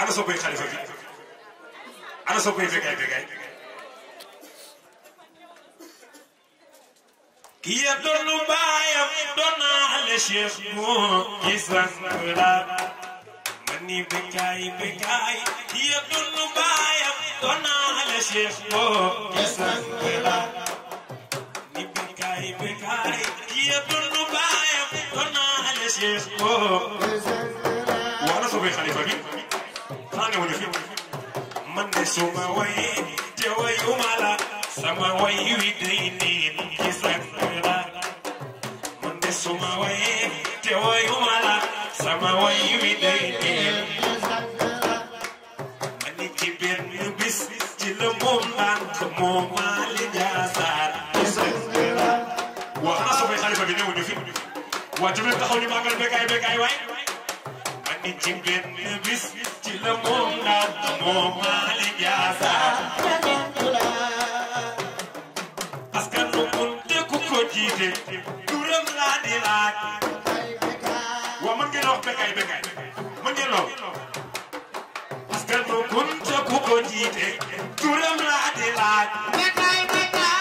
ana soppay xalifa bi ana soppay begaay begaay ki ya doonu baayam doonaale cheikh moo ci sant la man ni begaay begaay ki ya doonu baayam doonaale cheikh moo ci sant la ni begaay begaay ki ya doonu baayam doonaale cheikh moo ci sant la wa ana soppay xalifa bi soxna ñëwuñu fi man de suma way te wayuma la sama way wi day niin ci sakra man de suma way te wayuma la sama way wi day niin man ni ci benn bis ci la moom bank moo maali jaasaar ci sakra waa xanaa soo fay xalifa bi ñëwuñu fi waa tamit taxaw ni màggal bekkaay bekkaay waay ni ci benn bis ci la moom naa moo maali jaasa parce que nu mun dëkku ko jiite turam laa di laaj waaw mën ngeen wax bekay bekay mën ngeen lool parce que nu mun dëkku ko jiite turam laa di laaj bekay bekay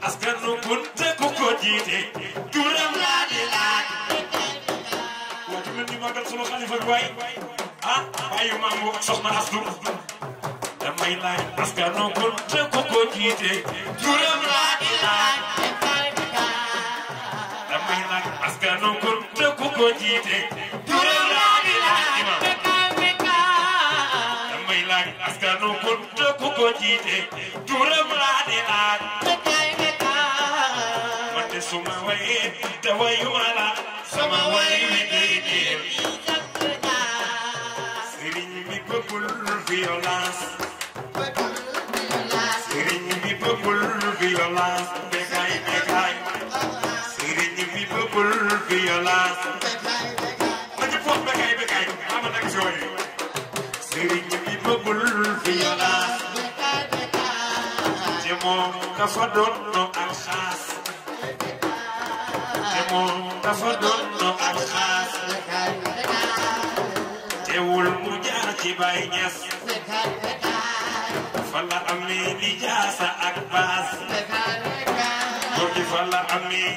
parce que nu mun dëkku ko jiite sunu xalifa bi waay ah bàyyi maam boobu ak soxna Astou damay laaj parce que non kon te ko ko jiite turam laa di laaj damay laaj parce que non kon te ko ko jiite turam laa di laaj damay laaj parce que non kon te ko ko jiite turam laa di laaj man de suma waye te wayuma la sama waye popul violas Sireni de popul violas Becai, becai Sireni mi popul violas Mă-ți pot becai, becai Am atac joi Sireni mi popul violas Becai, becai Ce de ca fă domnul al șas Ce mă, ca fă no al șas Becai, becai teewul mu jaar ci Baay Ñas fa la amee lijaasa ak baas góor gi fa la amee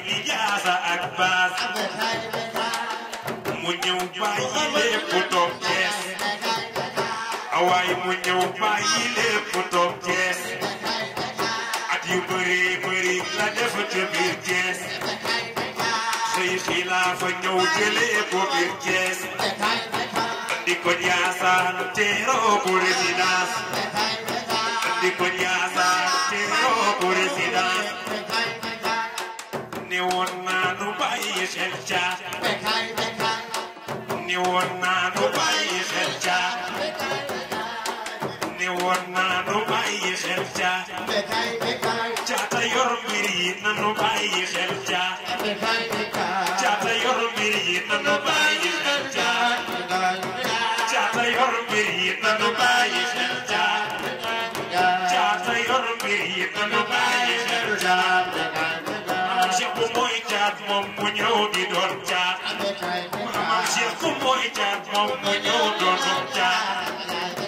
mu ñëw bàyyi lépp toog Cees awaay mu ñëw bàyyi lépp toog Cees at yu bëri bëri la def ca biir Cees xëy xilaafa ñëw jëlee ko biir Cees ko nyaasa tero présidence andi ko nyaasa tero présidence ni wona na no baye shelcha ni wona na no baye shelcha ni wona na no baye shelcha jata yor miri na no baye shelcha jata yor miri na no baye jaag moom mu ñëw di doon jaag maam Cheikh ku mooy jaag moom mu ñëw doon jaag